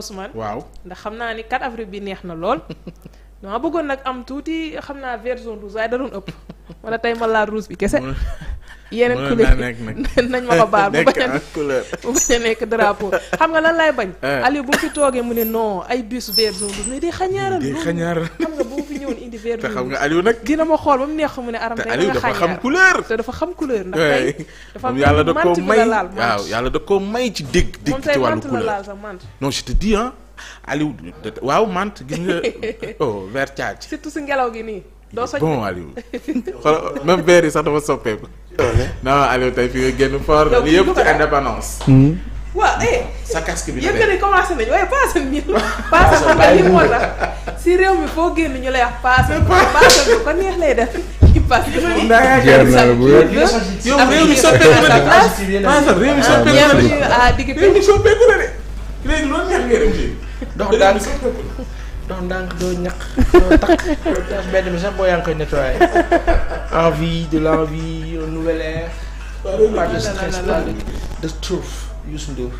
Ousmane waaw ndax xam naa ni 4 avril bi neex na lool dama bëggoon nag am tuuti xam naa version rouge waaye da doon ëpp wala tey ma laal rouge bi kese. yeneen couleur nañ ma ko baal bu bañ a bu bañ a nekk drapeau xam nga lan lay bañ eh. Aliou bu fi toogee mu ne non ay bus vert jaune rouge mais day xañaaral day xañaaral xam nga bu fi ñëwoon indi vert te xam dina ma xool ba mu neex mu ne aram tey dafa xam couleur te dafa xam couleur ndax eh. tey dafa yàlla da koo may waaw yàlla da ko may ci dégg dégg ci wàllu couleur laal sax mant no je te dis ah Aliou waaw mant gis nga oh vert caaj surtout si ngelaw gi nii doo soññ bon Aliou xoolal même beer sax dafa soppeeku. non Aliou tey fi nga génn fort. li yëpp ci indépendance. Hmm. waaw eh. sa casque bi yëpp ni commencé nañu waaye si réew mi foo génn ñu lay wax paasal paasal bi ko neex lay def. pass bi moom daa yaa gën a soppeeku na de. paasal réew mi soppeeku na de. réew mi soppeeku na de. léegi loolu neex soppeeku na. dox ndànk doo ñaq doo takk mbedd mi sax boo yaa ngi koy nettoyer envie de l'envie un nouvel air pas de stress pas de de trouve Youssou Ndour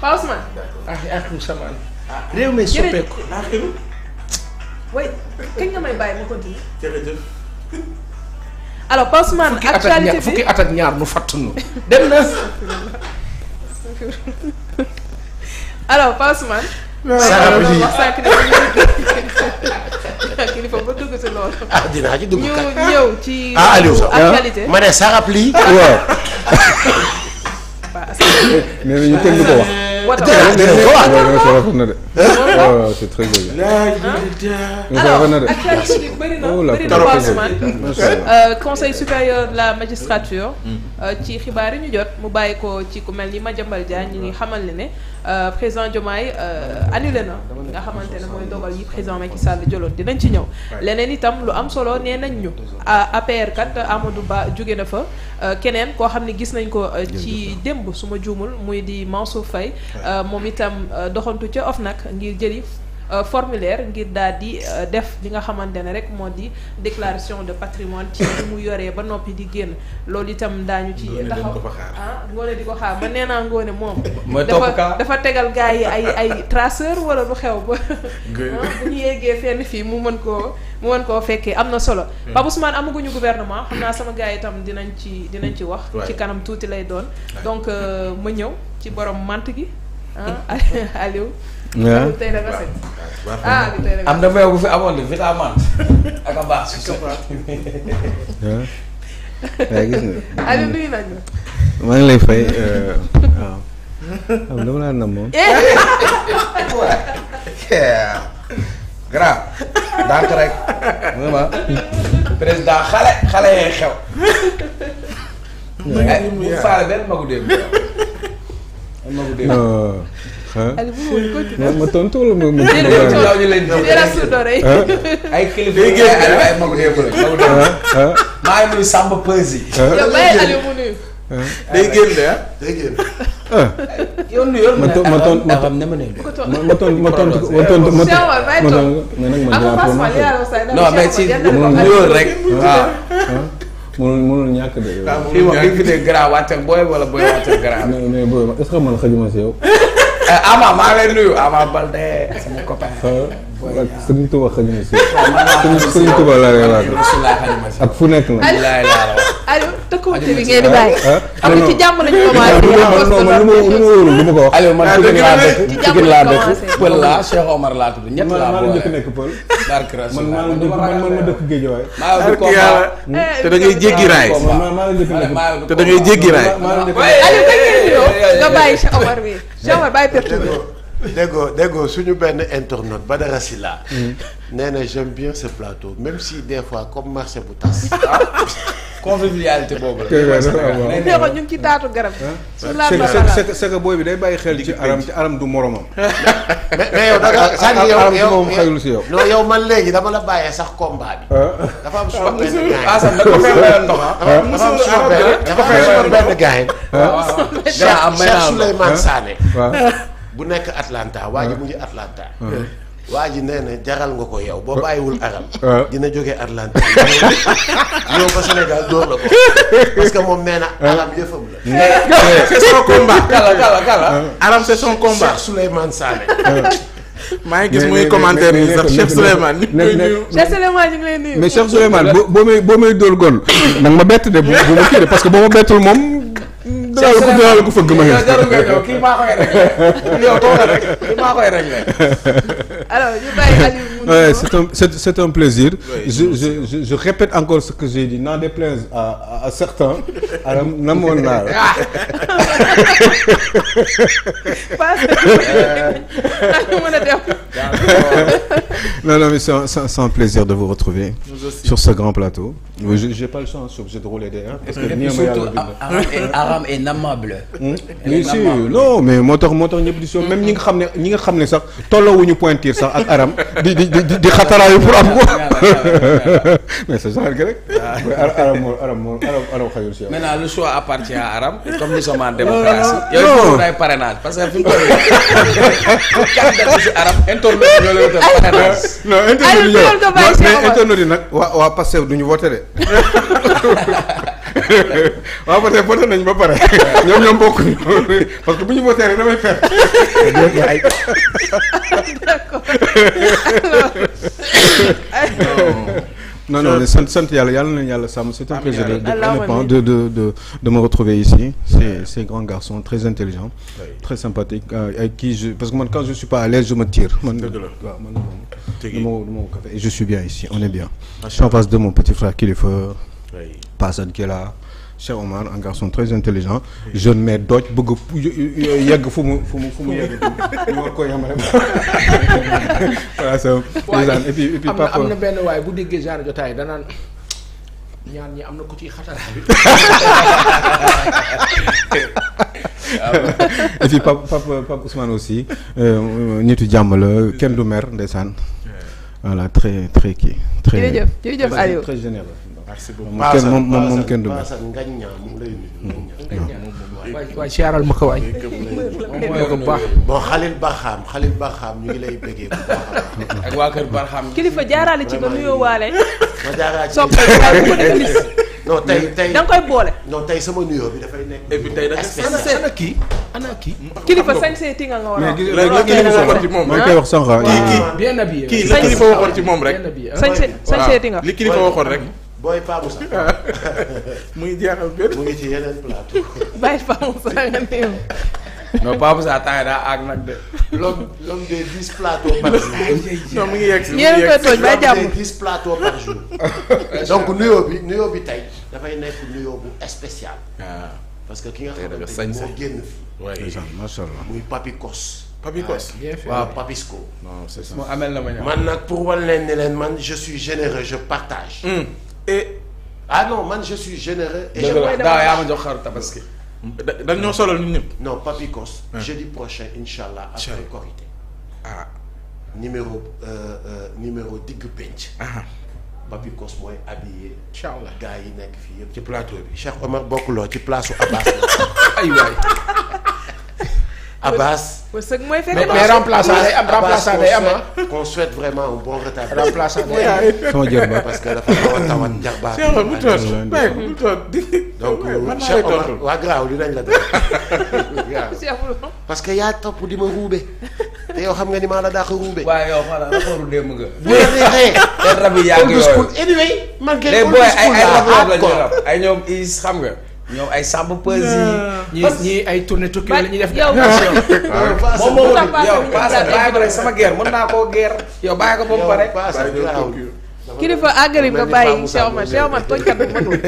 Pa Ousmane ak ak samaan réew mi soppeeku way kañ nga may bàyyi ma continue jërëjëf fukki at ak ñaar nu fatt nu dem na alors Pa Ousmane ba ah, dugg si loolu. ah dinaa ci dugg kat ñu ñëw ci. ah Aliou sax actualité ma ne na ah. ñu kenn du ko wax. conseil supérieur la magistrature. Mm. Euh, ci xibaar yi ñu jot mu bàyyi ko ci ku mel ma Madiambal Diagne ñu ngi xamal ne. Euh, président Diomaye euh, annulé na nga xamante ne mooy dogal yi président Macky Sall jëloon dinañ ci ñëw leneen itam lu am solo nee nañ ñu APR kat amadu Ba jóge na fa euh, keneen koo xam ne gis nañ ko ci démb su ma juumul muy di Mansour Faye moom itam doxantu ca nag ngir jëli Euh, formulaire ngir daal di euh, def li nga xamante ne rek moo di déclaration de patrimoine ci mu yoree ba noppi di génn loolu itam daañu ci taxaw ah ngoone di ko xaar ba nee naa ngoone moom dafa dafa tegal gars yi ay ay traceur wala lu xew ba ah, bu ñu yeggee fenn fii mu mën koo mu mën koo fekkee am na solo Pape hmm. Ousmane amaguñu gouvernement xam naa sama gars yi itam dinañ ci dinañ ci wax ci kanam tuuti lay doon donc euh, ma ñëw ci borom mant gi ah Ah, ah, am na bu fi amoon de vitamante ak a baax su waaw gis nga. Aliou nuyu nañu la. maa lay fay euh, waaw. dama laa nam moom. grand. donc rek. vraiment. président xale xale yee xew. Eh, Aliou bu ma continué ma tontu wala ma ma. ay kilifa yi ay Magu Demba la. maa ngi nuyu Samba Peuzi. yow bàyyi Aliou mu nuyu. day génn de ah day génn. yow nuyoo ma ma tontu ma tontu ma tontu ma tontu ma tontu ma tontu non mais si nuyoo rek waaw. mënul mënul ñàkk de. waaw mënul ñàkk de fii moom dañu fi dee grand wàcc ak booy wala booy wàcc ak grand. mais mais booy est-ce que man xajuma si yow. Ama maa lay nuyu Ama Balde sama copain. waaw Serigne Touba xëy na si. waaw man maa xëy na si Serigne Touba laa lay wax. ak fu nekk la. dëkkawute bi ngeen di bàyyi. am na ci jàmm lañu commencé. non man lu ma wóorul ko wax. Aliou laa dëkk maa ma dëkk Guédiawaye. te da ngay jéggi te da ngay jéggi nga bàyyi Omar bi Cheikh bàyyi perte bi. déggoo déggoo suñu benn internaute Badara Sylla. nee na j'aime bien plateau même si des fois comme marché bu tas. convivialité boobu la. ñu ngi ci taatu garab. su laal la booy bi day bàyyi xel ci aram ci aram du moromam. mais yow da nga sànni yow si yow. non man léegi dama la bàyyee sax combat bi. dafa am suba benn gaay. Assane da ko bu nekk Atlanta waa ji mu Atlanta. waa ji nee na jaral nga ko yow. boo bàyyiwul aral. Ah. dina jógee Atlantique. yow ba Sénégal dóor la ko. parce moom nee na aram ah. la. c'est son combat. kala kala kala. aram ah. c'est son combat. Cheikh Souleymane maa ngi gis muy commentaire yi sax Cheikh Souleymane. ngi lay nuyu. mais Cheikh Souleymane boo boo dóor gon. nag ma bett de bu ma kii de parce que boo ma bettul moom. dara ko dara ko fëgg ma ngeen. jarul nga ñëw kii maa koy réglé yow toogal rek kii maa koy alors ñu bàyyi Aliou ouais, c'est un c'est, c'est un plaisir ouais, je, je je je répète encore ce que j'ai dit n'en déplaise à, à, à certains ala namoon naa la non non mais c'est un, c'est un plaisir de vous retrouver sur ce grand plateau oui j' ai, j' ai pas le choix je suis obligé de rouler derrière. parce que nii ma yàlla bind. Aram est nommable. oui si non mais moo tax moo tax ñëpp di si même ñi nga xam ne ñi nga xam ne sax tolloowuñu pointir sax ak Aram di di di di xataraayu pour am ko. mais c' est genre que rek. waaw ah. Aram moo Aram moo Aram xayul si yow. maintenant le choix appartient à Aram comme nous sommes en démocratie. non non yow day parrainage parce que fi mu toll nii kàddu gi si Aram. internaute ñoo leen def parrainage. non internaute yi ñoo mais internaute yi nag waa waa Pastef duñu voté de. waaw ba tey voté nañ ba pare ñoom ñoom bokkuñu parce que bu ñu voté rek damay perte. d'accord. non non sant sant yàlla yàlla na yàlla sàmm c'est un plaisir de me retrouver ici c'est c'est grand garçon très intelligent très sympathique euh, avec qui parce que man quand je suis pas à je me tire et je suis bien ici on est bien je suis en face de mon petit frère Kilifeu Passane qui est là Cheikh Omar un garçon très intelligent jeune mais dooj bëgg yegg fu mu fu mu fu mu yegg ko yem rek waaye bu déggee genre jotaay danaan ñaan ñi am na ku ciy xataraay et puis papa papa papa aussi euh, nitu jàmm la kenn du mer ndeysaan voilà très très kii très jërëjëf très généreux merci beaucoup moom moom kenn du ma. waay siyaaral ma ko waay. bon xalil Barham xalil Barham ñu ngi lay bëggee bu baax a baax. ak waa kër Barham. kilifa jaaraale ci ba nuyoo waale. ma jaaraale ci waaye bu ko def lis. non boole. non tey sama nuyoo bi dafay nekk. et puis tey nag ana kii ana ki kilifa sañ see ti nga nga war a. looloo nga def koy wax sànq. kii kii kilifa waxoon ci moom rek. sañ see ti nga li kilifa waxoon rek. booy Pa Moussa. mu ngi jeexal benn. mu ngi ci yeneen plateau. bàyyi a Moussa nga néew. non Pa Moussa temps daa àgg nag de. l'homme l'homme des dix plateaux par jour. non mu ngi yegg si mu ngi yegg si l'homme des dix plateaux par jour. donc nuyoo bi nuyoo bi tey dafay nekk nuyoo bu spécial. Ah. parce que ki nga xamante ni moo génn fii. waay macha allah muy Papi Kos. Papicos ah, waaw Papisco. non c'est ça mu amel na ma man nag pour wan leen ne leen man je suis généreux je partage. Hmm. et ah non man je suis généreux. et je dëgg la yaa ma jox xaru tabaski. dañ ñoo solal ñun ñëpp. non Papikos. jeudi prochain incha allah. après Korité. ah. numéro euh, euh, numéro digg penc. Ah. Papikos mooy habillé. incha allah yi nekk fii yëpp. ci plateau bi Cheikh Omar bokkuloo ci place su Abbas la. ay Abbas. wërsëg mooy fekk mais remplaçant day am remplaçant day am ah. qu'on souhaite vraiment un bon rétablissement. remplaçant day am sama jër ba parce que dafa xaw a tawat njaxbaar. Cheikh bu toon bàyyi bu toon donc Cheikh Omar euh, waa Garaaw dinañ la def. parce que yaa topp di ma ruube. te yow xam nga ni maa la dàq ruube. waaw yow xanaa rapportu démb nga. bu la neexee. te rab yi yaa ngi yooyu old school anyway. man kenn old school ay ay rab ay ñoom is xam nga. ñoom ay sàmm pësi ñi ñi ay tournée tukki la ñuy def. yow moom moom yow paase bàyyi ko rek sama guerre mën naa koo guerre yow bàyyi ko ba mu pare. kilifa àggali nga bàyyi Cheikh Omar Cheikh Omar tooñkat bu matul.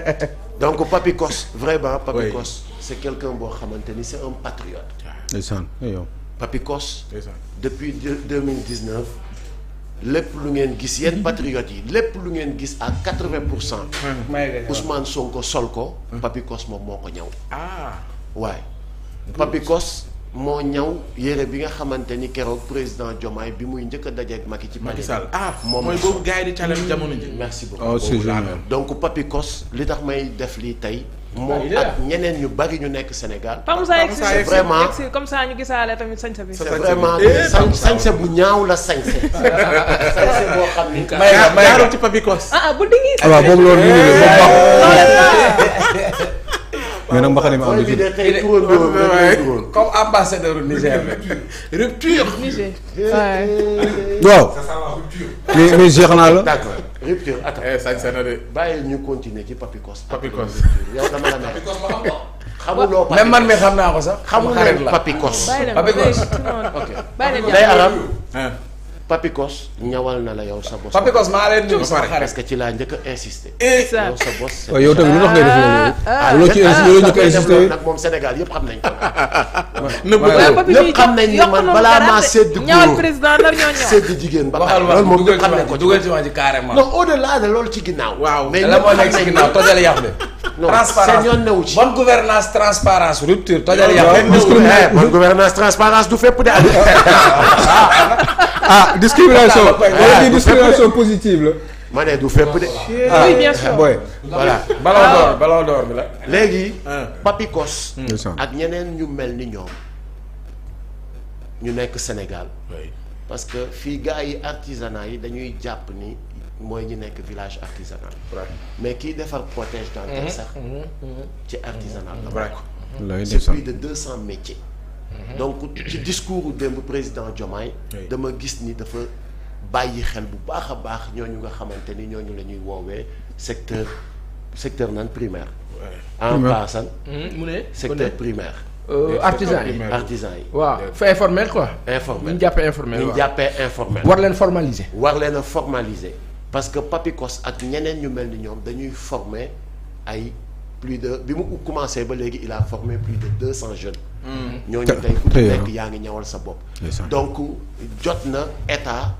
donc Papy vraiment Papy Kos c'est quelqu'un boo xamante ni c'est un patriote. ndeysaan yow. Papy Kos. depuis deux mille dix lépp lu ngeen gis yenn patriotes yi lépp lu ngeen gis ak quatre-vingts pour cent. Ousmane Sonko sol ko. Papikos moom moo ko ñaw. ah waaye. Papikos moo ñaw yére bi nga xamante ni keroog président Diomaye bi muy njëkk a dajeeg Macky ci Macky Sall ah moom mooy boobu gars di challenge jamono ji. merci beaucoup oh, donc Papikos li tax may def lii tey. moom ak ñeneen ñu bari ñu nekk Sénégal. Pa Moussa yegg vraiment comme ça ñu gisaale tamit sañse bi. c'est vraiment eh, sañse bu ñaaw la sañse. sañse boo xam ni. may may jaarul ci Papikos. waaw boobu loolu jeex naa la. rupture attends eh, bàyyi ñu continuer ci papikos papikos yow dama la mer xamuloo papikos même man mi xam naa ko sax xamuloo papikos papikos day arab Papikos ñawal na la yow sa bos. Papikos maa leen nuyu sama xarit parce que ci laa njëkk a insister. yow sa bos. waaw yow tamit lu tax ngay def loolu. ah loolu ci loolu njëkk a insister nag moom Sénégal yëpp xam nañ ko. ñëpp xam nañ ni man balaa maa sédd. ñawal président nar ñoo ñëw sédd jigéen ba pare loolu moom ñëpp xam nañ ko dugal ci wax ji carrément. non au delà de loolu ci ginnaaw. waaw mais ñëpp xam nañ ci ginnaaw tojal yàq bi. transparence seen yoon newu ci bonne gouvernance transparence rupture tojal yàq. bonne gouvernance transparence du fépp de ah discrimination wala ah, discrimination positive la. ma ne du fépp de. oui bien ah, sûr ah, voilà ballon d'or bi la. léegi. papikos hmm. ak ñeneen ñu mel ni ñoom ñu nekk Sénégal. parce que fii gars yi artisanat yi dañuy jàpp ni mooy ñu nekk village artisanal. mais kiy defar protège dentaire hmm. sax. Hmm. ci artisanat la. c'est plus de deux cents métiers. Mhm. donc ci discours démb président Diomaye dama gis ni dafa bàyyi xel bu baax a baax ñooñu nga xamante ni ñooñu la ñuy woowee secteur secteur nan primaire en passant mhm, mu ne secteur primaire euh, artisan yi artisan yi waaw fa informel quoi informel ñu jàppee informel ñu jàppee informel war leen formaliser war leen a parce que Papicos ak ñeneen ñu mel ni ñoom dañuy former ay plus de bi mu commencé ba léegi il a formé plus de deux cents jeunes Mm. ñooñu tey ku ci yaa ngi ñawal sa bopp donc jot na état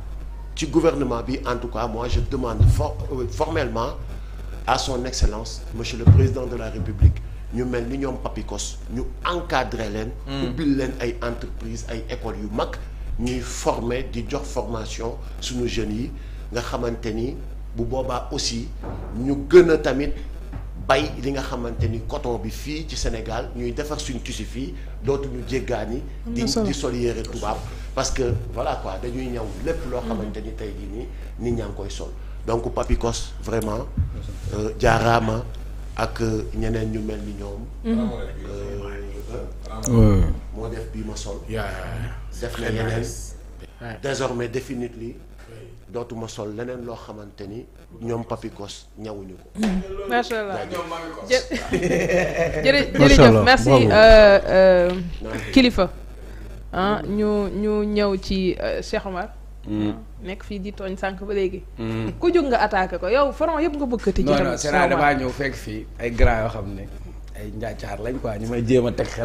ci gouvernement bi en tout cas moi je demande for euh, formellement à son excellence monsieur le président de la république ñu mel ni ñoom papikos ñu encadrer leen mm. ubbil leen ay entreprise ay écoles yu mag ñuy forme di jox formation suñu jeunes yi nga xamante ni bu boobaa aussi ñu gën tamit bay li nga xamante ni coton bi fii ci Sénégal ñuy defar suñ tissu fii dootuñu jéggaani di di sol yére tubaab parce que waa quoi dañuy ñaw lépp loo mm-hmm. xamante ni tey jii nii nit ñaa koy sol donc Papikos vraiment euh, jaaraama ak euh, ñeneen ñu mel ni ñoom mm-hmm. euh, moo def bii ma sol def na yeneen désormais définitivement dootuma sol leneen loo xamante ni ñoom papikos ñawuñu ko. macha allah jërëjëf merci euh, euh, kilifa. ah ñu ñu ñëw ci euh, Cheikh Omar. Hmm. Ah, nekk fii di tooñ sànq ba léegi. Hmm. ku jóg nga attaqué ko yow front yëpp nga bëgg a tijji. non non damaa ñëw fekk fii ay grand yoo xam ne ay njaacaar lañ quoi ñu may jéem a teg xel.